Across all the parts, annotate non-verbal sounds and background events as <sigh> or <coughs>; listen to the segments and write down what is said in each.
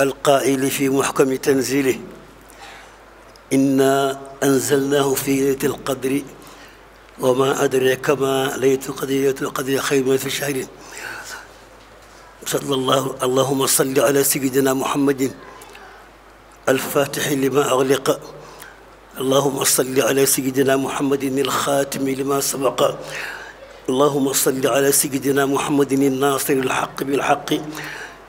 القائل في محكم تنزيله إنا أنزلناه في ليلة القدر وما أدريك ما ليلة القدر ليلة القدر خير من ألف شهر صلى الله اللهم صل على سيدنا محمد الفاتح لما أغلق اللهم صل على سيدنا محمد الخاتم لما سبق اللهم صل على سيدنا محمد الناصر الحق بالحق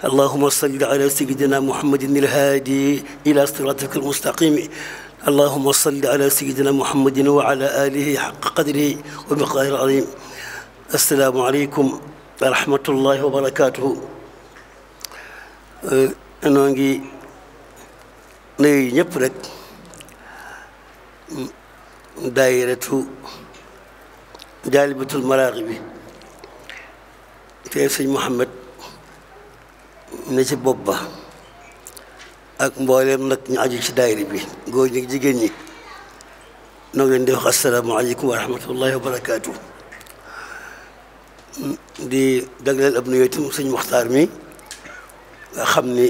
اللهم صل على سيدنا محمد الهادي إلى صراطك المستقيم اللهم صل على سيدنا محمد وعلى آله حق قدره ومقداره العظيم السلام عليكم ورحمة الله وبركاته noo ngi nuyu ñëpp rek daayiratu jaalibatul maraaxi bi te sëñ Mouhamed ne ci bopp ba ak mboolem nag ñu aju ci daayri bi góor ñi jigéen ñi noo leen di wax asalaamaaleykum wa rahmatullahi wa barakaatu di dagleen ab nuyoo itam sëñ Muxtaar mi nga xam ni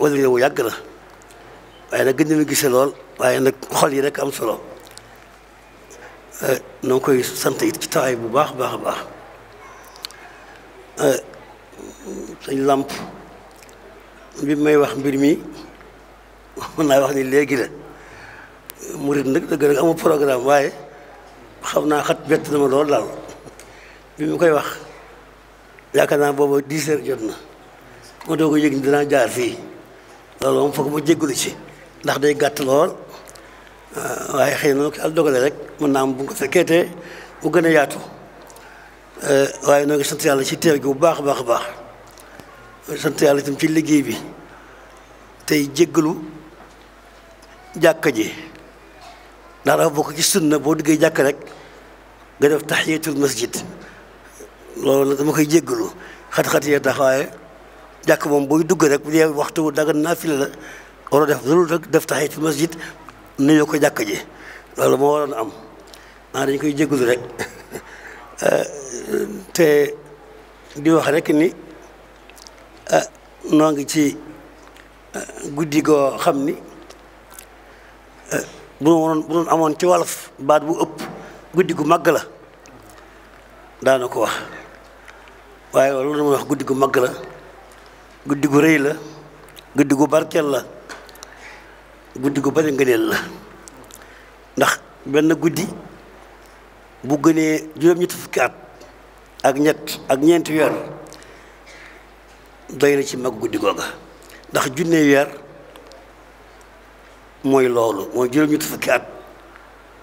wala wu yàgg na waaye nag gën nañu gise lool waaye nag xol yi rek am solo noo ngi koy sant it ci tawaay bu baax a baax a baax sëñ làmp bi may wax mbir mi mën naa wax ni léegi la murit nag dëgg nag amul programme waaye xam naa xat bett na ma lool daal bi mu koy wax yaakaar naa boobu dix heures jot na ma doo ko yëg ni dinaa jaar fii loolu moom foog ma jéggulu ci ndax day gàtt lool ah, waaye xëy na al dogale rek mën naa am bu ko fekkeetee mu gën a yaatu eh, waaye noo ngi sant yàlla ci teew gi bu baax a baax a baax sant yàlla ci liggéey bi tey jéggalu jàkka ji ndax dafa bokk ci sunna boo duggee jàkk rek nga def tahiyatul masjid loolu dama koy jéggalu xat-xat yee tax jàkk moom booy dugg rek bu dee waxtu daga naafila la waroo def loolu rek def tahiyatul masjid nuyoo ko jàkk ji loolu moo waroon am naa dañ koy jéggalu rek <laughs> eh, te di wax rek ni Eh, noo ngi ci eh, guddi goo xam ni eh, bu noonu amoon ci wolof baat bu ëpp guddi gu màgg la daana ko wax waaye loolu la muy wax guddi gu màgg la guddi gu rëy la guddi gu barkeel la guddi gu bari ngëneel la ndax benn guddi bu gënee juróom-ñetti fukki at ak ñett ak ñeenti weer doy na ci mag guddi googa ndax junne weer mooy loolu mooy juróom-ñett fukki at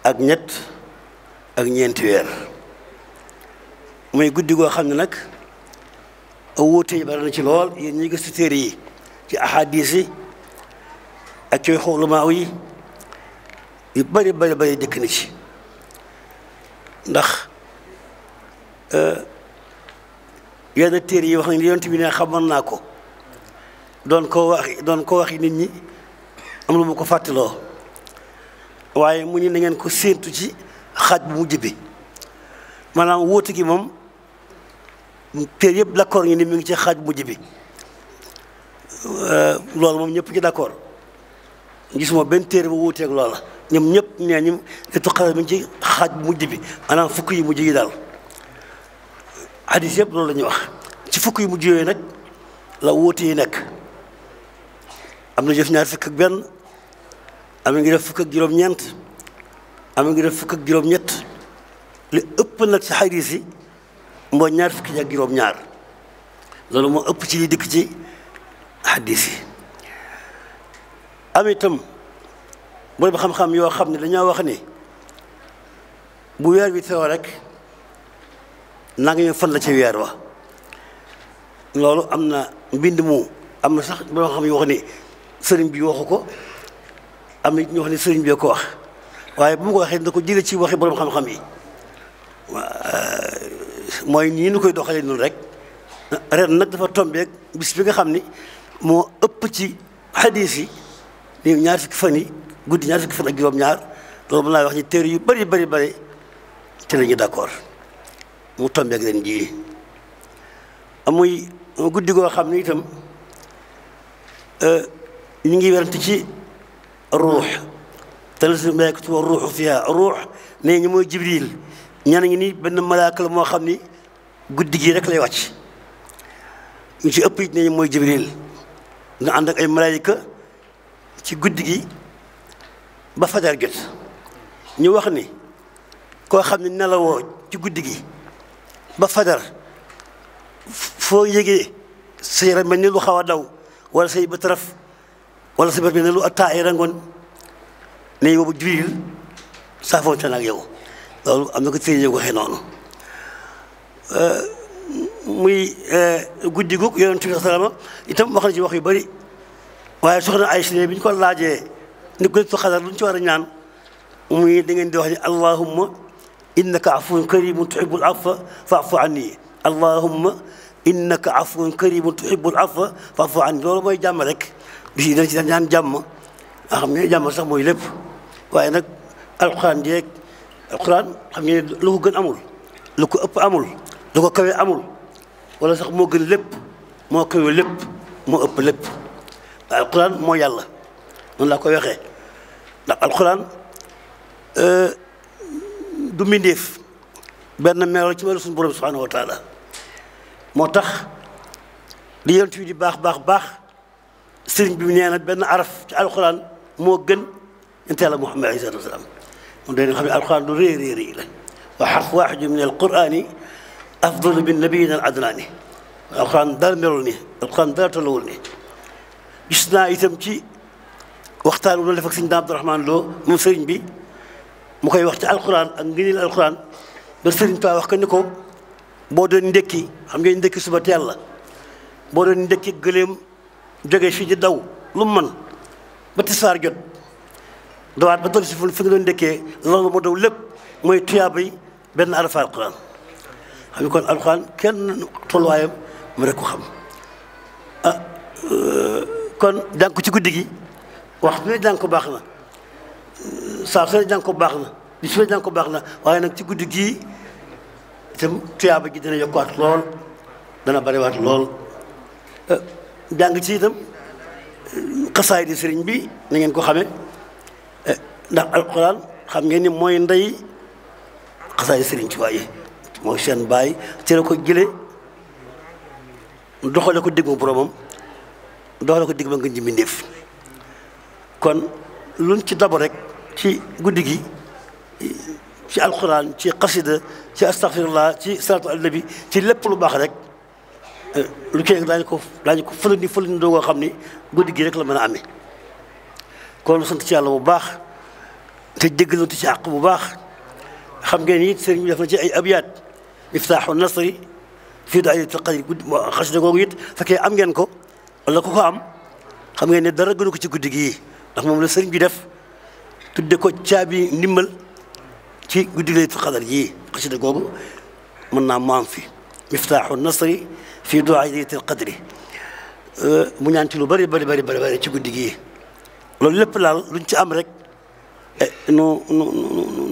ak ñett ak ñeenti weer mooy guddi goo xam ne nag a wóote yi bari na ci lool yéen ñi gëstu téere yi ci ahadis yi ak cooy xoolumaaw yi yu bari bari bari dëkk na ci ndax euh, yenn téere yi wax nañ yonent bi ne xamoon naa ko doon ko wax doon ko waxi nit ñi am lu mu ko fàttaloo waaye mu ni na ngeen ko séentu ci xaaj bu mujj bi maanaam wóote gi moom téere yëpp d'accord ñu mi ngi ci xaaj bu bi euh, loolu moom ñëpp ci d'accord gisuma benn téere bu wuuteeg loola ñoom ñëpp nee ñi li tuqara mi ci xaaj bu mujj bi maanaam fukk yi mujj yi daal hadis yëpp loolu la wax ci fukk yu mujj yooyu nag la wóote yi nekk am na jëf ñaar fukk benn am na ngi def juróom-ñeent am na ngi def fukk ak juróom-ñett li ëpp nag ci hadis yi mooy ñaar fukki ak juróom-ñaar loolu moo ëpp ci li dikk ci hadis yi am itam boroom xam-xam yoo xam ne dañoo wax ni bu weer bi teewoo rek. nangami fan la ci weer wa loolu am na mbind mu am na sax boo xam ne wax ni sëriñ bi waxu ko am na ñu wax ni sëriñ bi ko wax waaye bu mu ko waxee da ko jëlee ci waxi borom xam-xam yi euh, mooy nii nu koy doxalee noonu rek ren nag dafa tombeek bis bi nga xam ni moo ëpp ci xadis yi nii ñaar fukki fan yi guddi ñaar fukki fan ak juróom-ñaar loolu mën naa wax ni téere yu bari bari bari ci la ñu mu tombeeg ren jii muy guddi goo xam ne itam eh, ñu ngi werante ci ruux tanazzalu malaa'ikatu wa ruuhu fiihaa ruux nee ñi mooy jibril ñaan ngi ni benn malaaka moo xam ni guddi gi rek lay wacc ñu ci ëpp it nee ñi mooy jibril nga ànd ay malaayika ci guddi gi ba fajar jot ñu wax ni koo xam ne nelawoo ci guddi gi ba fadar foo yëgee sa yaram mel ni lu xaw a daw wala say bët traf wala sa bët mel ni lu attaa ay rangoon ne boobu Jibril saafoonte na ak yow loolu am na ko téere ñu ko waxee noonu euh, muy euh, guddi gu yonent bi salaama itam wax na ci wax yu bëri waaye soxna na ay bi ñu ko laajee ni ko xadar lu ñu ci war a ñaan muy da ngeen di wax ni allahumma innaka afuwun karimun tuhibbul afwa fa'fu anni allahumma innaka afuwun karimun tuhibbul afwa fa'fu anni loolu mooy jàmm rek bi dañ si dañ naan jàmm nga xam ne jàmm sax mooy lépp waaye nag alquran jeeg alquran xam ngeen lu ko gën amul lu ko ëpp amul lu ko kawe amul wala sax moo gën lépp moo kawe lépp moo ëpp lépp alquran moo yàlla noonu laa koy waxee ndax alquran euh, du mbindéef benn melo ci melo suñu borom subhanahu wa taala moo tax li yonent di baax baax baax sëriñ bi nee na benn araf ci alxuraan moo gën yonent Yàlla Muhammad alayhi salaatu wa xam ne alxuraan lu réy réy réy la min alquraani afdalu min nabiyina al adnaani alxuraan dara melul nii alxuraan dara tolluwul nii gis naa itam ci waxtaan wu doon def ak sëriñ Daam Abdurahmaan bi mu koy wax ci alxuraan ak ngëneel alxuraan ba Sëriñ Tuubaa wax ko ni ko boo doon ndékki xam ngeen ndékki suba teel la boo doon ndékki gëléem joge fii di daw lu mu mën ba tisfaar jot dawaat ba toog si fu nga doon ndékkee loolu moo daw lépp mooy tuyaaba yi benn arafa alxuraan xam nga kon alxuraan kenn tolluwaayam mu rek ko xam ah euh, kon jàng ko ci guddi gi wax bi jàng ko baax na saa soo jàng ko baax na bis soo jàng ko baax na waaye nag ci guddi gii itam tuyaaba gi dina yokkuwaat lool dana bariwaat lool euh, jàng ci itam euh, xasaay di sëriñ bi na ngeen ko xamee euh, ndax alxuraan xam ngeen ni mooy ndey xasaay sëriñ ci waaye mooy seen baay ci la ko jële doxale ko diggu boromam doxale ko digg nga ji mbindéef kon lu ci dabo rek ci guddi gi ci alquran ci xasida ci astaghfirullah ci salatu alnabi ci lépp lu baax rek eh, lu ci daañu ko daañu ko fële ni fële ni doo xam ni guddi gi rek la mën a amee kon sant ci yàlla bu baax te jéggalante ci àq bu baax xam ngeen it sëriñ def na ci ay abyaat miftaaxu nasri fii du ay taqari guddi xasida googu it am ngeen ko wala ku ko am xam ngeen ne dara gënu ko ci guddi gii ndax moom la sëriñ bi def tudde ko caabi ndimbal ci guddi laylatul qadar yii xasida googu mën naa maam fi miftaaxu nasri fii duaay laylatil qadri mu ñaan ci lu bari bari bëri bëri ci guddi gii loolu lépp laal luñ ci am rek e, nu nu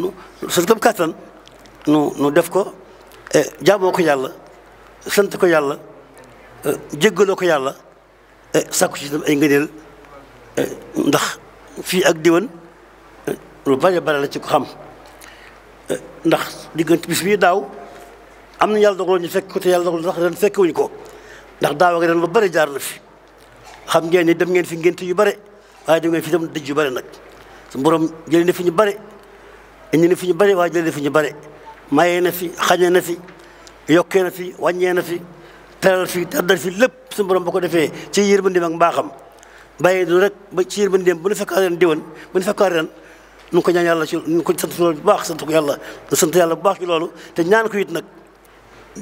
nu suñ nu nu def ko e, jaamoo ko yàlla sant ko yàlla e, jéggaloo ko yàlla sàkku ci itam ay ndax fii ak lu bari bari la ci ko xam ndax diggante bis bii daaw am na yàlla dogaloon ñu fekk ko te yàlla dogal sax ren fekkewuñu ko ndax daaw ak ren lu bari jaar na fi xam ngeen ni dem ngeen fi ngénte yu bari waaye dem ngeen fi dem dëj yu bari nag su borom jëlee fi ñu bari indi na fi ñu bari waaye jëlee fi ñu bari mayee na fi xañee na fi yokkee na fi wàññee na fi teral fi teral fi lépp su borom ba ko defee ci yërmandeem ak mbaaxam bàyyi du rek ba ci yërmandeem bu nu fekkaa ren diwan bu nu fekkaa ren nu ko ñaan yàlla ci nu ngi ko sant bu baax sant ko yàlla sant yàlla bu baax ci loolu te ñaan ko it nag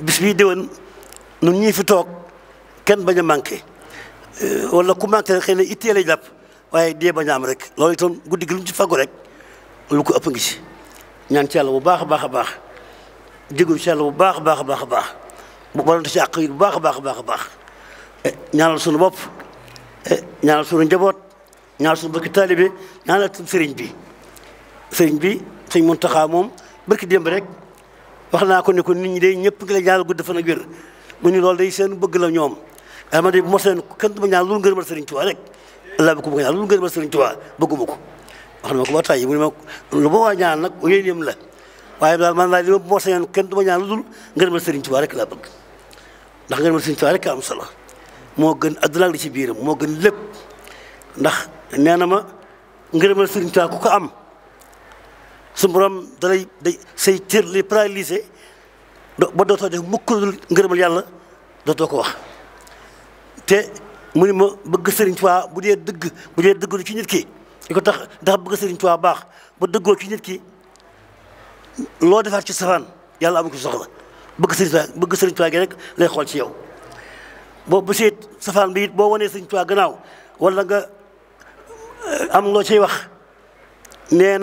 bis bii déwén nun ñii fi toog kenn bañ a manqué eh, wala ku manqué rek xëy na ittee lay jàpp waaye dee bañ a am rek loolu itam guddi gi lu ñu ci faggu rek lu ko ëpp ngi si ñaan ci yàlla bu baax a baax a baax jégalu ci yàlla bu baax a baax a baax a baax bu balonte ci àq yi bu baax a baax a baax a baax eh, ñaanal suñu bopp eh, ñaanal suñu njaboot ñaanal suñu mbokki taalibe ñaanal sëriñ bi sëñ bi sëñ Muntaxa moom barki démb rek wax naa ko ne ko nit ñi day ñëpp ngi la ñaanal gudd fan ak wér mu ni loolu day seen bëgg la ñoom waaye man de bu ma seen kenn du ma ñaan lu ngërëmal sëriñ Tuubaa rek allah bi ko bëgg ñaan lu ngërëmal sëriñ Tuubaa bëgguma ko wax na ma ko ba tàyyi mu ne ma lu ma waa la waaye daal man daal li ma kenn du ma ñaan lu dul ngërëmal rek laa bëgg ndax ngërëmal sëriñ Tuubaa rek am solo moo gën adduna li ci biiram moo gën lépp ndax nee na ma ngërëmal sëriñ Tuubaa ku ko am su borom dalay day say cër lay paralysé ba dootoo def mukk dul ngërëmal yàlla dootoo ko wax te mu ni ma bëgg sëriñ Tuubaa bu dee dëgg bu dee dëggu ci nit ki li ko tax ndax bëgg sëriñ Tuubaa baax ba dëggoo ci nit ki loo defaat ci safaan yàlla amu ko soxla bëgg sëriñ Tuubaa bëgg sëriñ Tuubaa rek lay xool ci yow boo bu seet safaan boo wanee sëriñ Tuubaa gannaaw wala nga eh, am loo ciy wax nee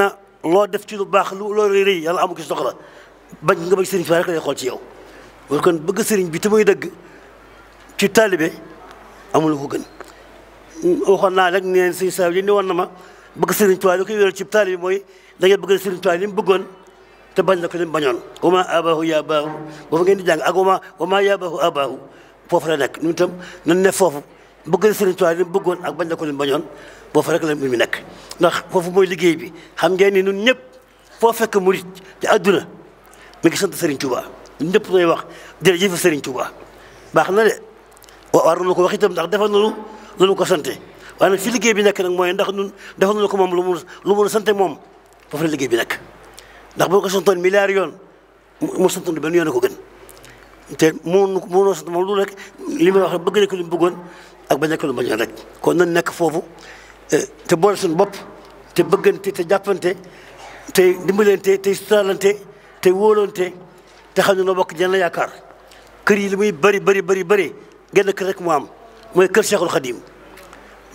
loo def ci lu baax lu loo rëy rëy yàlla amu ci soxla bañ nga bëgg sëriñ Tuubaa rek lay xool ci yow wala kon bëgg sëriñ bi te muy dëgg ci taalibe amul ko gën waxoon naa rek neen sëñ saa yi ni woon na ma bëgg sëriñ Tuubaa li koy wéral ci taalibe mooy da ngeen bëgg sëriñ Tuubaa li mu bëggoon te bañ na ko li bañoon wama abahu ya baahu boofu ngeen di jàng ak nekk ñun itam ne foofu bugg sëriñ Tuubaa li bëggoon ak bañ na ko li boo fa rek mu mbir ndax foofu mooy liggéey bi xam ngeen ni ñun ñëpp foo fekk murit ci àdduna mi ngi sant Serigne Touba ñëpp lay wax jërëjëf Serigne Touba baax na de war na ko wax itam ndax defa nañu lu ñu ko sante waaye nag fi liggéey bi nekk nag mooy ndax ñun defal nañu ko moom lu mu lu mu sante moom foofu la liggéey bi nekk ndax boo ko santoon milliards yoon mu santoon benn yoon ko gën te mu mënoo sant moom lu rek li may wax rek bëgg nekk lu mu bëggoon ak ba nekk lu mu rek ko nan nekk foofu te boole suñu bopp te bëggante te jàppante te dimbalante te suturaalante te wóolante te xam ne noo bokk jenn yaakaar kër yi li muy bëri bëri bëri bëri genn kër rek mu am mooy kër Cheikhul Khadim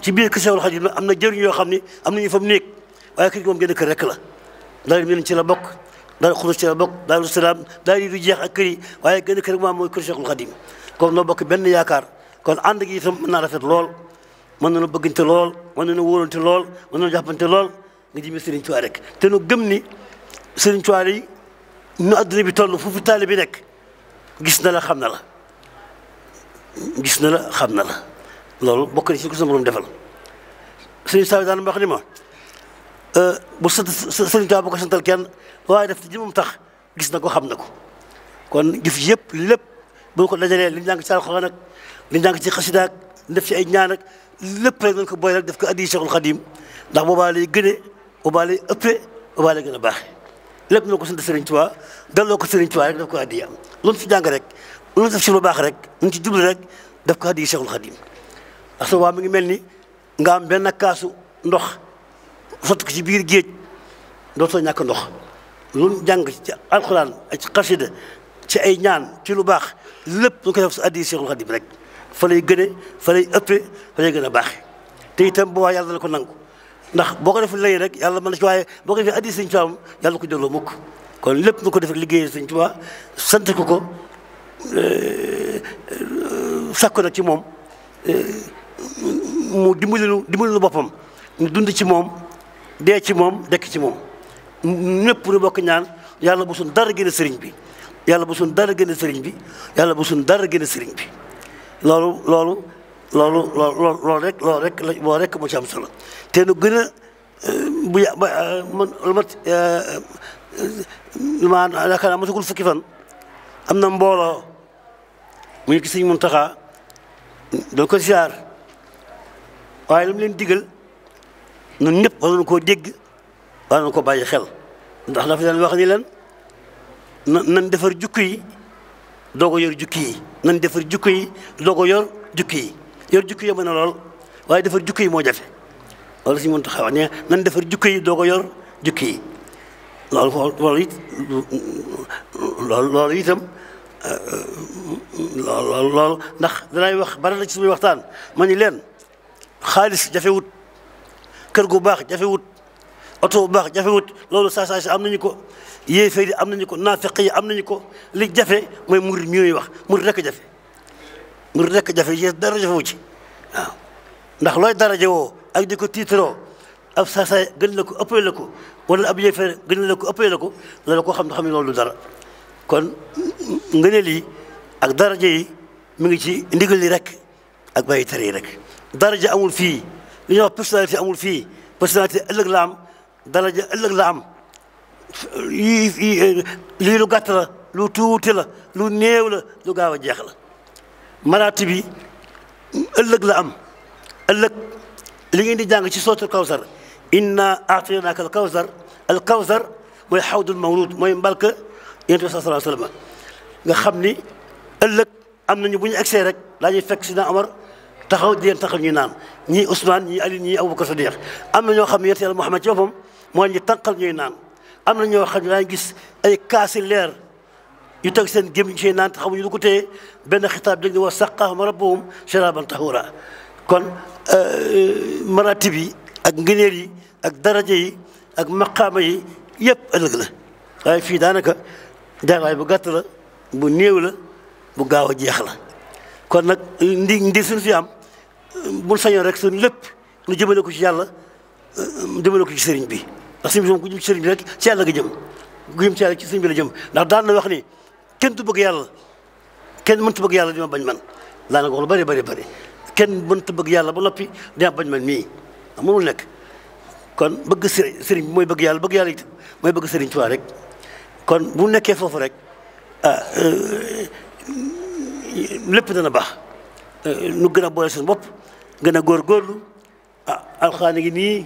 ci biir kër Cheikhul Khadim am na jëriñ yoo xam ne am nañu fa mu nekk waaye kër gi kër rek la daal mi ci la bokk daal xurus ci la bokk daal salaam daal yi du jeex kër yi waaye genn kër rek mooy kër Cheikhul Khadim kon noo bokk benn yaakaar kon ànd gi itam mën naa rafet lool mën nañu bëggante lool mën nañu wóorante lool mën nañu jàppante lool nga jëmee Serigne Touba rek te nu gëm ni Serigne yi nu adduna bi toll fu fi bi nekk gis na la xam na la gis na la xam na la loolu bokk na ci ko sama borom defal Serigne Touba daan wax ni ma euh, bu sant Serigne Touba bu ko santal kenn waaye def ci moom tax gis na ko xam na ko kon jëf yëpp lépp bu ko dajalee li ñu jàng ci alxuraan ak li ñu def ci ay ñaan lépp rek nañ ko rek def ko addi Cheikhul Khadim ndax boobaa lay gënee boobaa lay ëppee boobaa lay gën a baaxee lépp na ko sant Serigne Touba delloo ko Serigne Touba rek daf ko addi am loolu ci jàng rek loolu def lu baax rek ñu ci jublu rek daf ko addi Cheikhul Khadim ndax soo waa mu ngi mel ni nga am benn kaasu ndox sotti ko ci biir géej dootoo ñàkk ndox loolu jàng ci alxuraan ci xasida ci ay ñaan ci lu baax lépp lu ko def sa addi Cheikhul Khadim rek fa lay gëne fa lay ëppee fa lay gën a baax te itam bu waa yàlla na ko ko ndax boo ko defee lay rek yàlla mën na ci waaye boo ko defee addi sëñ Tuubaa yàlla ko jëloo mukk lépp nga ko def ak liggéeyee sëñ Tuubaa sant ko ko euh, sàkku nag ci moom euh, mu dimbali nu dimbali nu boppam ñu dund ci moom dee ci moom dekk ci moom ñëpp nu bokk ñaan yàlla bu suñ dara gën a sëriñ bi yàlla bu suñ dara gën sëriñ bi yàlla bu suñ dara gën a sëriñ bi loolu loolu loolu loolu loolu rek loolu rek la loolu rek moo ci solo te nu gën a euh, bu ya ba euh, man lu mat euh, maanaam yaakaar naa fukki fan am na mbooloo mu ñu gis Sëñ Muntaxa doon ko siyaar waaye li leen diggal ñun ñëpp war nañu koo dégg war nañu ko bàyyi xel ndax dafa leen wax ni leen nan defar jukki yi doog a yor jukki yi. nañ defar jukko yi doog a yor jukki yi yor jukki yi mën na waaye defar jukki yi moo jafe loolu si mën taxaw wax ne nañ defar jukko yi doog a yor jukki yi loolu loolu it loolu loolu itam loolu ndax danay wax bari na ci suñuy waxtaan ma ni leen xaalis jafewut kër gu baax jafewut oto bu baax jafewut loolu saa si am nañu ko yéefar yi am nañu ko naafeq yi am nañu ko li jafe mooy murid mi ñuy wax murid rekk jafe murid rekk jafe yées dara jafewu ci waaw ndax looy daraja woo ak di ko tiitaroo ab saa saa gën la ko ëppee la ko wala ab yéefar gën la ko ëppee la ko loolu koo xam ne xam ne loolu dara kon ngëneel yi ak daraja yi mu ngi ci ndigal yi rek ak bàyyi tere yi rek daraja amul fii li ñuy amul fii personnalité ëllëg lam daraja ëllëg la am yii lii lu gàtt la lu tuuti la lu néew la lu gaaw a jeex la maraati bi ëllëg la am ëllëg li ngeen di jàng ci sootul kawsar inna aataynaaka al kawsar al kawsar mooy xawdul mawlud mooy mbalka yonent bi sallallahu alayhi wa sallam nga xam ni ëllëg am nañu bu ñu egsee rek daa ñuy fekk Sidna Omar taxaw di leen taxal naan ñii Ousmane ñii Ali ñii Aboubacar Sadiq am na ñoo xam ne yonent yàlla Muhammad ci boppam moo ñu tànqal ñuy naan am na ñoo xam ne daa gis ay kaasi leer yu teg seen gémmiñ naan te xamuñu lu ko téye benn xitaab dañu wax saqaahum rabbuhum sharaban tahura kon euh, maratib yi ak ngëneel yi ak daraja yi ak maqaama yi yëpp ëllëg la ay fii daanaka jaawaay bu gàtt la bu néew la bu gaaw a jeex la kon nag ndi ndi suñ am bul sañoon rek suñ lépp nu jëmale ko ci yàlla jëmale ko ci sëriñ bi ndax sëriñ bi moom ku jëm ci sëriñ rek ci yàlla nga jëm ku jëm ci yàlla la jëm ndax daan na wax ni kenn du bëgg yàlla kenn mënta bëgg yàlla dima bañ man daa na ko wax lu bëri bëri bëri kenn mënta bëgg yàlla ba noppi dima bañ man mii ndax mënul kon bëgg sëriñ bi mooy bëgg yàlla bëgg yàlla mooy bëgg sëriñ Tuubaa rek kon bu nekkee foofu rek ah euh, lépp dana baax euh, nu gën boole seen bopp gën a góorgóorlu ah alxaana gi nii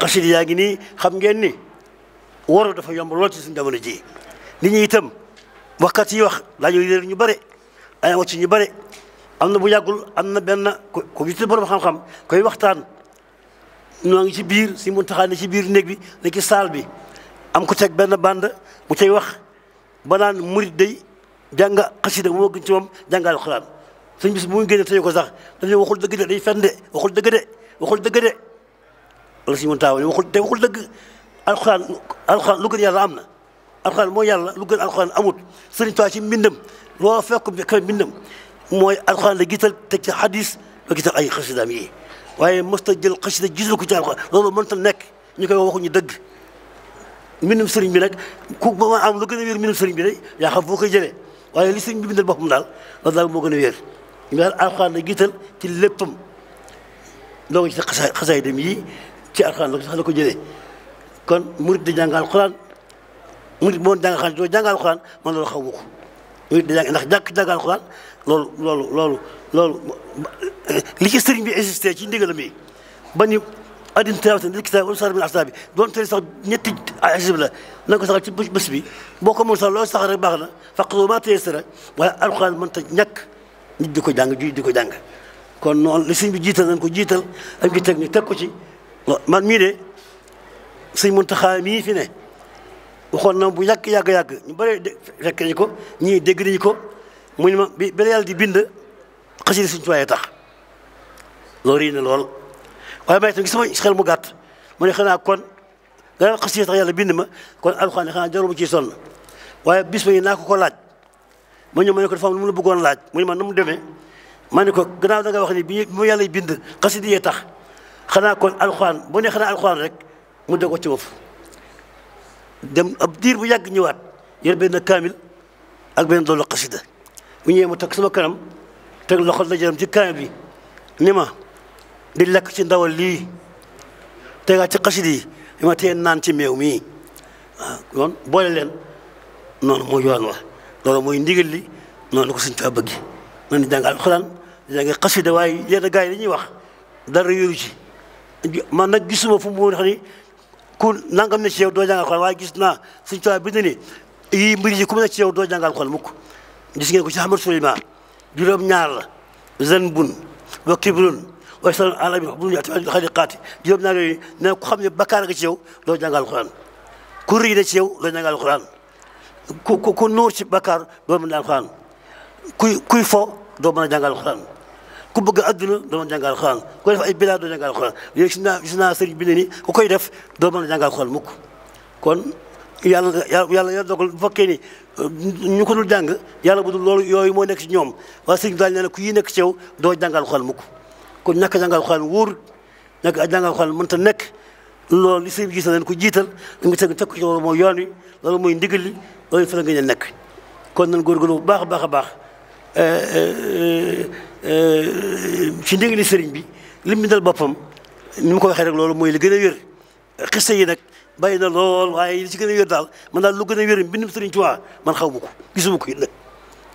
xasida yaa ngi nii xam ngeen ni waru dafa yomb lool ci suñu jamono ji nit ñi itam waxkat yi wax daa ñuy réer ñu bare ay wàcc ñu bare am na bu yàggul am na benn ko ñu tudd borom xam-xam koy waxtaan ñoo ngi ci biir si mun taxaa ne ci biir néeg bi ne saal bi am ko teg benn bande mu cay wax ba naan murit day jànga xasida woo gën ci moom jàngal alxuraan sëñ bis mu génne tëye ko sax dañu waxul dëgg de day waxul dëgg de waxul dëgg de wala suñu mën taawa waxul te waxul dëgg alxuraan alxuraan lu yàlla am na alxuraan mooy yàlla lu gën alxuraan amut sëriñ Tuubaa ci mbindam loo fekk ka mooy alxuraan la gisal teg ci xadis la gisal ay xasidaam yi waaye mës ta jël xasida gisal ko ci alxuraan mënta nekk ñu koy waxuñu dëgg mbindum sëriñ bi nag ku ma am lu gën a wér mbindum sëriñ bi de yaa xam foo koy jëlee waaye li sëriñ bi bindal boppam daal a wér ñaan alxuraan la jiital ci léppam loo ngi ci xasaay xasaay dem yi ci alxuraan la la ko jëlee kon murit di jàng alxuraan murit moo jàng alxuraan doo jàng alxuraan loolu xaw ma ko murit ndax jàkk jàng alxuraan loolu loolu loolu loolu li ci sëriñ bi insisté ci ndigalam yi ba ni addin tilaawatan lil kitaabi wal sar min asaabi doon tey sax ñetti asib la na nga ko saxal ci bés bi boo ko mën sax loolu sax rek baax na faqru maa tayassara waaye alxuraan mën ñàkk nit ko jàng juy di ko jàng kon noonu li bi jiital nañ ko jiital am ci teg ñu teg ko ci man mii de sëñ Muntaxa mii fi ne waxoon na bu yàgg yàgg yàgg ñu bëree fekk nañu ko ñii dégg nañu ko mu ne ma be ba di bind xasida Sëñ Tuubaa tax loolu yi ne lool waaye may itam gis sama xel mu gàtt mu ne xanaa kon dara xasida tax yàlla bind ma kon alxuraan xanaa jarul ma ciy sonn waaye bis ba yi naa ko ko laaj. ma ñëw ma ne ko dafa am lu mu la bëggoon laaj mu ne ma nu mu demee ma ne ko gannaaw da wax ni bi mu yàlla bind xasida yee tax xanaa kon alxuraan bu ne xanaa rek mu dogoo ci wëf dem ab diir bu yàgg ñëwaat yor benn kaamil ak benn doolu xasida bu ñëwee mu teg sama kanam teg loxo la jëram ci kaamil bi ni ma di lekk ci ndawal lii tegaat ci xasida yi li ma tee naan ci meew mii waaw kon boole leen noonu moo yoon wax loolu mooy ndigal li noonu ko suñ faa bëgg noonu jàng alxuraan jàng xasida waaye yenn gars yi li ñuy wax dara yooyu ci man nag gisuma fu mu wax ni ku nangam ne doo jàng waaye gis naa suñ faa bind ni yii mbir yi ku mu ne ci yow doo jàng alxuraan mukk gis ngeen ko ci Ahmad Souleymane juróom-ñaar la zanbun wa kibrun waaye sax alami bu ñu xaati juróom-ñaar yooyu ne ku xam ne bakkaar nga ci yow doo jàng alxuraan ku na ci yow doo jàng ku ku nuur ci bakkaar doo mën a alxuraan kuy kuy fo doo mën ku bëgg adduna doo def ay bilaad doo jàngal alxuraan yooyu gis naa bi ne koy def doo mën a jàngal alxuraan mukk yàlla yàlla dogal bu fekkee ni euh, jàng yàlla bu dul yooyu moo nekk ci ñoom waaye sëriñ bi daal nee ku yi nekk ci yow doo jàngal alxuraan mukk kon ñàkk a jàngal alxuraan wóor ñàkk a jàngal alxuraan nekk loolu li sëriñ bi gis na leen ko jiital dañ ko teg teg ko ci yoon wi loolu mooy li loolu fa la gën a nekk kon nañ góorgóorlu bu baax a baax a baax euh, euh, euh, ci ndigali sëriñ bi lim bi dal boppam ni mu ko waxee rek loolu mooy li gën a wér xiste yi nag bàyyi na lool waaye li ci gën a wér daal man daal lu gën a wér bindum sëriñ Tuubaa man xaw ma ko gisuma ko it nag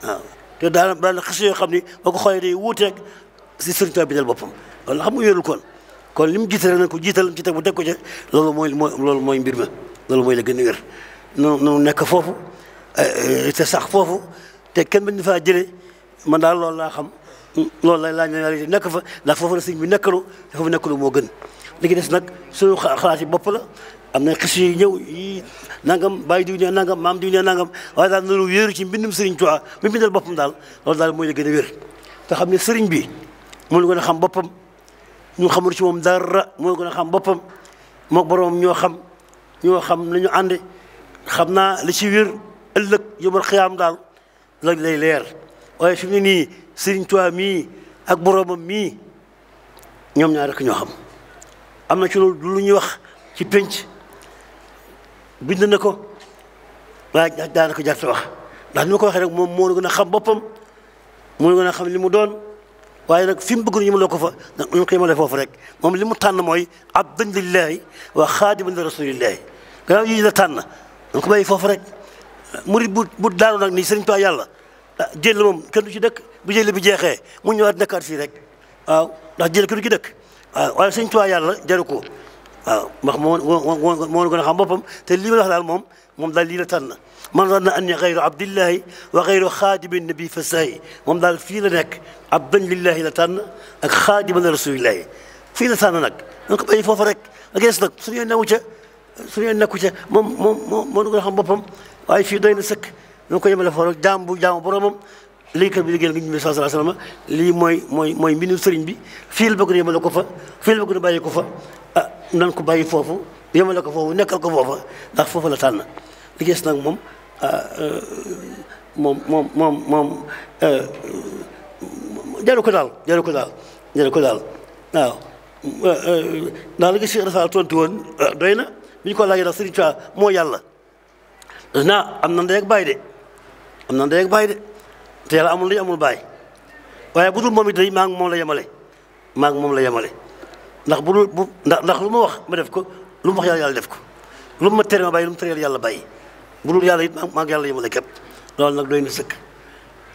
waaw te daanaka daal xiste yoo xam ni boo ko xoolee day wuuteeg si sëriñ Tuubaa bi dal boppam loolu xam nga wérul kon kon li mu jiite rek nañ ko jiital ci teg bu teg ko ca loolu mooy mooy loolu mooy mbir ma loolu mooy la gën a wér nu nu nekk foofu eh, te sax foofu te kenn bañ faa jëlee man daal loolu laa xam loolu lay laaj nekk fa foofu la sëñ bi nekkalu te foofu nekkalu moo gën li ci des nag suñu xalaat bopp la am na xis yu ñëw yi nangam bàyyi diw ne nangam maam diw ne nangam waaye daal loolu wéeru ci mbindum sëriñ Tuubaa mi bindal boppam daal loolu daal mooy la gën a wér te xam ne sëriñ bi moo la gën a xam boppam ñu xamul ci moom dara moo la gën a xam boppam moo boroom ñoo xam ñoo xam nañu ànde xam naa la ci wir ëllëg yóbal xiyaam daal lañ lay leer waaye fi mu ne nii mii ak boroomam mii ñoom ñaar rek ñoo xam am na ci loolu lu ñuy wax ci pénc bind na ko waaye daanaka jarte wax ndax ni ma ko waxee rek moom moo gën a xam boppam moo gën a xam li mu doon waaye nag fi mu bëgg ñu ma ko fa ñu ko yemale foofu rek moom li mu tànn mooy abdan lillahi wa xaadiman li rasulillahi gannaaw yi la tànn dañ ko bàyyi foofu rek murit bu bu daanu nag nii sëriñ Tuubaa yàlla ah jël moom kenn du ci dëkk bu jël bi jeexee mu ñëwaat nekkaat fii rek waaw ndax jël kenn du ci dëkk waaw waaye sëriñ Tuubaa yàlla jaru ko waaw ndax moo moo moo gën a xam boppam te li ma wax daal moom moom daal lii la tànn man ranna anni xayru abdillahi wa xayru xaadimin nabi fa sahi moom daal fii la nekk abdan lillahi la tànn ak xaadiman rasulillahi fii la tànn nag dañ ko bàyyi foofu rek ak yées nag suñu newu ca su ñu nekku moom moom moom xam boppam waaye fii doy na sëkk ñoo ko yemale foofu rek jaam bu jaamu boromam liggéeykat bi liggéeyal ngi ñu bi sallallahu lii mooy mooy mooy mbindu sëriñ bi fii la bëgg na ko fa fii la bëgg na bàyyi ko fa ah, nan ko bàyyi foofu yemale ko foofu nekkal ko foofa ndax foofu la tànn li gis nag ah, euh, moom moom moom moom moom euh, jaru ko daal jaru ko daal jaru ko daal waaw daal la gis Cheikh Rafal tontu woon ah, na bi ko la nag Sëriñ Tuubaa moo yàlla na am na ndey ak baay de am na ndey ak baay de te yàlla amul amul baay waaye bu dul moom it day maa ngi la yemale maa ngi moom la yemale ndax bu dul bu ndax ndax lu ma wax ma def ko lu ma wax yàlla yàlla def ko lu ma tere ma bàyyi lu ma tere yàlla bàyyi bu dul yàlla it maa ngi yàlla yemale képp loolu nag doy na sëkk.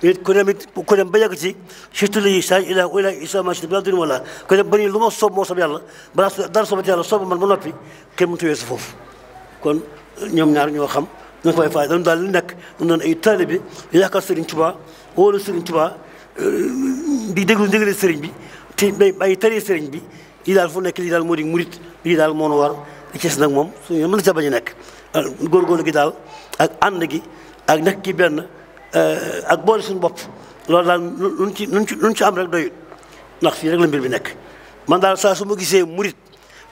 it ku dem it ku dem ba yàgg ci surtout layi sage ila ila isa machid bi abdin wala dem ba nii lu moo soob yàlla balaa dara soobati yàlla soob man ba noppi kenn mënut a weesu kon ñoom ñaar ñoo xam danga ko may faay dañu daal li nekk dañu doon ay taalibe bi yaakaar Serigne Touba wóolu Serigne Touba di déglu bi te bay bàyyi taree Serigne bi lii daal fu nekk lii daal moo di murit lii daal moo nu war li ci nag moom suñu mën la ca bañ a nekk góorgóorlu gi daal ak ànd gi ak nekk ki benn ak boole suñu bopp loolu daal luñ ci ci luñ ci am rek doyut ndax fii rek la mbir bi nekk man daal saa su ma gisee murit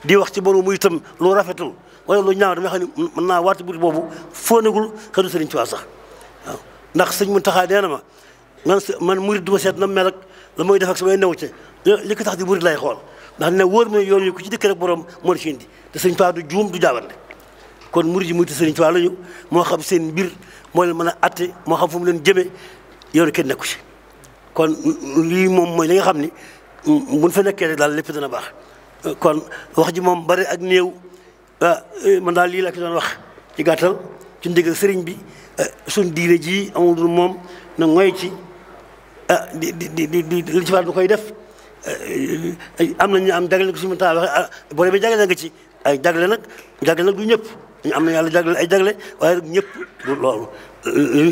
di wax ci borom muy itam lu rafetul wala lu ñaaw dama xam ne mën naa waati buti boobu fóonagul xëdu sëriñ Tuubaa sax ndax sëñ Muntaxa nee na ma man man murit du seet na mel ak la mooy def ak samay new ca li ko tax di murit lay xool ndax ne woor ma yoon yi ku ci dëkk rek borom moo ci indi te sëñ du juum du jaabante kon murid yi muytu Sëriñ Tuubaa lañu moo xam seen mbir moo leen mën a atte moo xam fu mu leen jëme yoonu kenn nekku ci kon lii moom mooy li nga xam ni buñ fa nekkee daal lépp dana baax kon wax ji moom bari ak néew ah, man daal lii laa ko doon wax ci gàttal ci ndigal sëriñ bi ah, suñ diine jii amul moom na ngoy ci ah di di di di li ci koy def ah, am na ñu am jagle ko suñu taa waxee ah boo demee jagle nga ci ay jagle nag jagle nag du ñëpp dañu am na yàlla jagle ay jagle waaye rek ñëpp loolu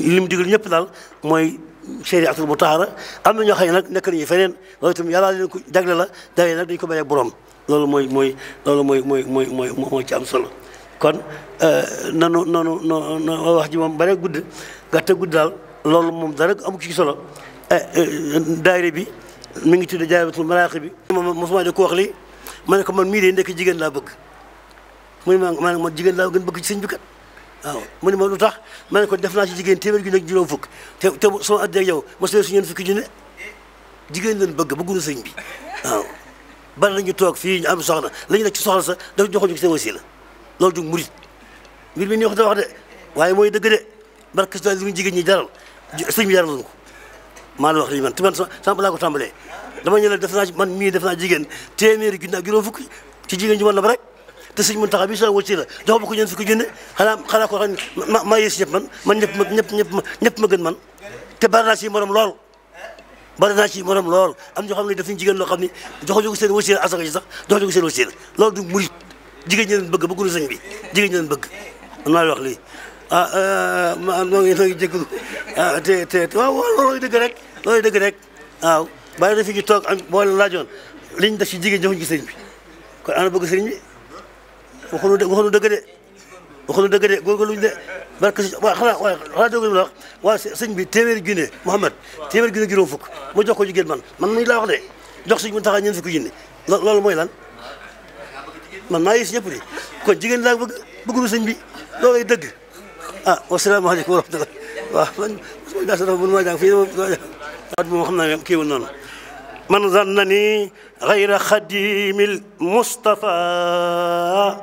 li mu digal ñëpp daal mooy chériatul mu taxara am na ñoo xam ne nag nekk nañu feneen loolu itam yàlla leen ko jagle la dawee nag dañu ko bàyyi borom loolu mooy mooy loolu mooy mooy mooy mooy ci am solo kon euh, nanu nanu no wax ji moom bare gudd gàtta gudd daal loolu moom dara amu ci solo eh, eh, daayira bi mu ngi tudd jaaybatul maraaxi bi moom mosuma de ko wax lii ma ne ko man mii de ndekk jigéen laa bëgg mu ma ma ne ma jigéen laa gën bëgg ci sëñ bi kat waaw mu ne ma lu tax ma ne ko def naa ci jigéen téeméer junne ak fukk te te sama yow ma sëñ su ñeen fukki junne jigéen leen bëgg bëggunu sëñ bi waaw bari nañu toog fii ñu am soxna la ci soxna sax dafa joxoon ñu seen wasila loolu du murit mbir mi a wax de waaye mooy dëgg de barke si li mu ñi jaral sëñ bi jaraloon ko maa la wax lii man te man ko tàmbalee dama ñu def naa man mii def naa jigéen téeméeri junne ak fukk ci jigéen ji man la te sëñ Muntaxa bi sa wasi la jox ma ko ñeen fi ko junne xanaa xanaa ko xam ma maa yées ñëpp man man ñëpp ma ñëpp ñëpp ma ñëpp ma gën man te bari naa ci lool bari naa ci morom lool am ñoo xam ne daf ñu jigéen loo xam ne joxuñu ko seen wasi la asaka sax joxuñu ko seen wasi la loolu du murit jigéen ñi leen bëgg bëggul sëñ bi jigéen ñi bëgg man maa wax lii ah euh, ma noo ngi noo ngi jégalu ah, dëgg rek loolu dëgg rek waaw bàyyi na fi ñu toog am boo la laajoon liñ def ci jigéen joxuñ ko sëñ bi ko ana bëgg sëñ bi waxuñu dë waxuñu dëgg de waxuñu lu de góorgóorluñ de barke si waaw xanaa waaye xanaa dëgg la wax waaye sëñ bi téeméeri junne Mouhamed téeméeri juróom fukk mu jox ko jigéen man man mii laa wax de jox sëñ Muntaxa ñeent fukki junne loolu mooy lan man maa yées ñëpp de kon jigéen laa bëgg bëggulu sëñ bi loolay dëgg ah a wa rahmatulah waaw man daa sa dafa mën maa noonu man zannani gayra xadimil Mustafa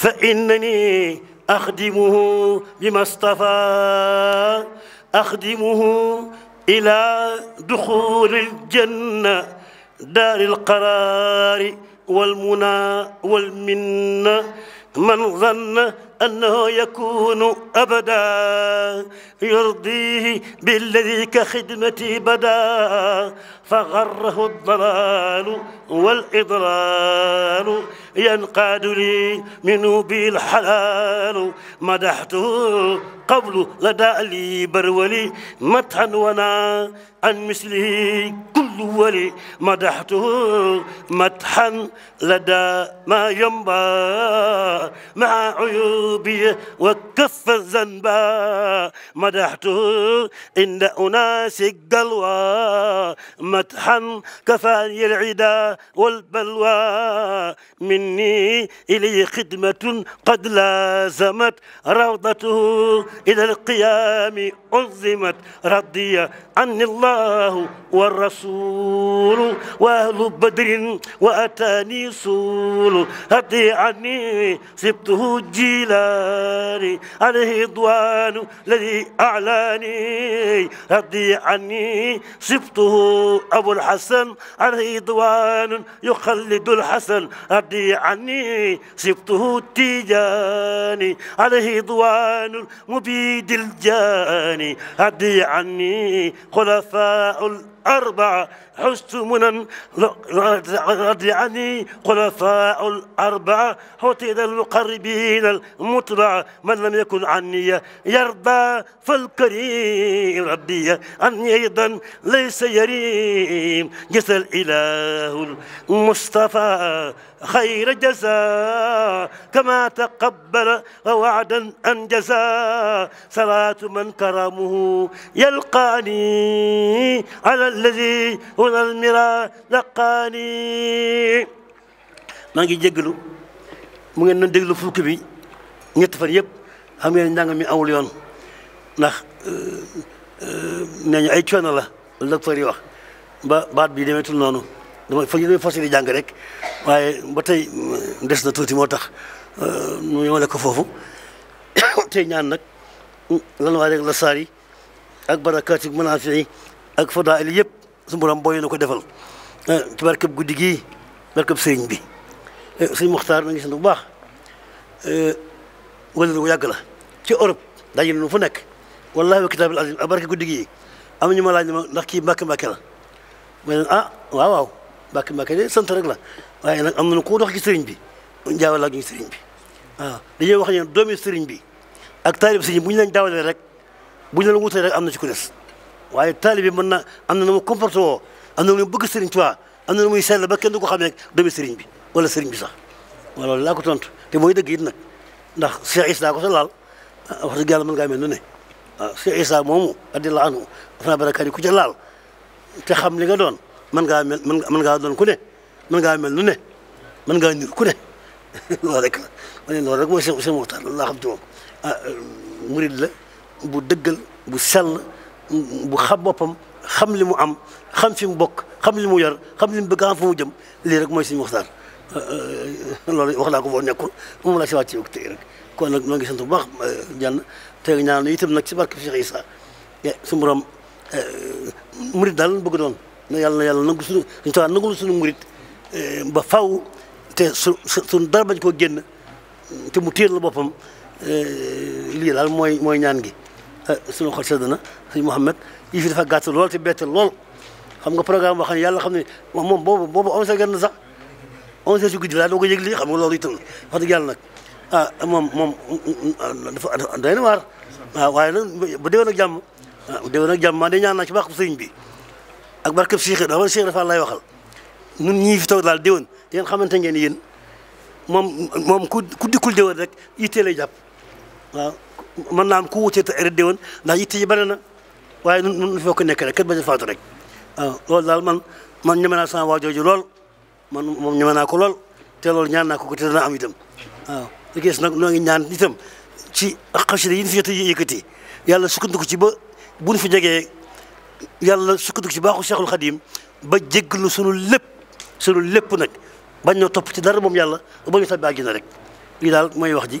fa innani axdimuhu bimastafa axdimuhu ila duxulil janna daaril qaraari wal muna wal minna man zanna أنه يكون أبدا يرضيه بالذي كخدمتي بدا فغره الضلال والإضلال ينقاد لي منه بالحلال مدحته قبل لدى لي برولي متحن ونا عن مثله كل ولي مدحته مدحا لدى ما ينبى مع عيوبي وكف الذنبا مدحته عند أناس القلوى مدحا كفاني العدا والبلوى مني إلي خدمة قد لازمت روضته إلى القيام أظمت رضية عني الله والرسول وأهل بدر وأتاني سول هدي عني سبته جيلاني عليه ضوان الذي أعلاني هدي عني سبته أبو الحسن عليه ضوان يخلد الحسن هدي عني سبته تيجاني عليه ضوان مبيد الجاني هدي عني خلفاء أربعة حست منا رد عني خلفاء الأربعة هتيل المقربين المتبع من لم يكن عني يرضى فالكريم ربي أني أيضا ليس يريم جزى الإله المصطفى خير جزاء كما تقبل وعدا أنجزا صلاة من كرمه يلقاني على الذي هنا المرا لقاني maa ngi jégalu mu ngeen doon déglu fukki bi ñett fan yëpp xam ngeen njàng mi awul yoon ndax euh, euh, nee ñu ay coono la loolu la fari wax baat bi demeetul noonu dama fa jàng rek waaye ba tey euh, des na tuuti moo tax ñu yemale ko foofu <coughs> tey ñaan nag lan waa rek ak barakaati mën ak fadaayil yëpp su borom booy na ko defal eh, ci barkeb guddi gii barkeb sëriñ bi eh, sëriñ Muxtaar na ngi sant bu baax eh, wala lu yàgg la ci Europe daje nañu fu nekk wallahi wa kitaabil azim ak barke guddi gii am ñu ma laaj ma ndax kii mbàkk mbàkke la ma ne ah waaw waaw mbàkk mbàkke de sant rek la waaye nag am nañu ku dox ci bi jaawal ak ñu sëriñ bi waaw dañuy wax ne doomi sëriñ bi ak taarib sëriñ bu ñu leen jaawalee rek bu ñu leen rek am na ci ku des waaye taalibe mën na am na nu mu comporté woo am na lu mu bëgg sëriñ Tuubaa am na lu muy sell ba kenn du ko xam ne doomi sëriñ bi wala sëriñ bi sax wala laa ko tontu te mooy dëgg it nag ndax Cheikh Issa ko sa laal ah, wax dëgg yàlla mën ngaa mel nu ne waaw ah, Cheikh Issa moomu radiyallahu anhu ku ca laal te xam li nga doon mën ngaa mel mën ngaa doon ku ne mën ngaa mel nu ne mën ngaa ku ne <laughs> loolu rek la ma ne loolu rek mooy seen seen waxtaan loolu laa xam ci moom ah, murid la bu dëggal bu sell bu xam boppam xam li mu am xam fi mu bokk xam li mu yor xam li mu bëgg xam fu mu jëm lii rek mooy suñu waxtaan euh, euh, loolu wax naa ko boo nekkul moom laa si wàcc ak tey rek kon nag ñoo ngi sant bu baax jànn te ñaan itam nag si barke Cheikh Issa eh, su borom euh, murit daal bëgg doon na yàlla na yàlla nangu suñu suñu tawaat nangul suñu murit ba faw te su suñu dara bañ koo génn te mu téer la boppam lii daal mooy mooy ñaan gi suñu na sëñ Mouhamed yi fi dafa gàtt lool te bette lool xam nga programme boo xam ne yàlla xam ne moom boobu boobu onze heures genn sax onze heures si guddi laa doo ko yëg lii xam nga loolu itam wax dëgg yàlla nag ah moom moom dafa doy na waar waaw ah, waaye nag bu déwén ak jàmm ah, bu déwén ak jàmm maa day ñaan naa ci baax sëriñ bi ak barkeb Cheikh daa war Cheikh dafa lay waxal nun ñii fi toog daal déwén yéen xamante ngeen yéen moom moom ku ku dikkul déwén rek yittee lay jàpp waaw mën naa am ku wutee ret déwén ndax yitte yi bare na waaye nun nun foo ko nekk rek kenn bañ a faatu rek lool loolu daal man man ñeme naa sama waa jooju lool man moom ñeme naa ko lool te loolu ñaan naa ko ko te dana am itam waaw li nag noo ngi ñaan itam ci xasida yin fi jot a yëkkati yàlla sukkandiku ci ba bu ñu fi jegee yàlla sukkandiku ci baaxu Cheikhul Khadim ba jéggalu sunu lépp sunu lépp nag bañ ñoo topp ci dara moom yàlla ba ñu tabbi àjjana rek lii daal mooy wax ji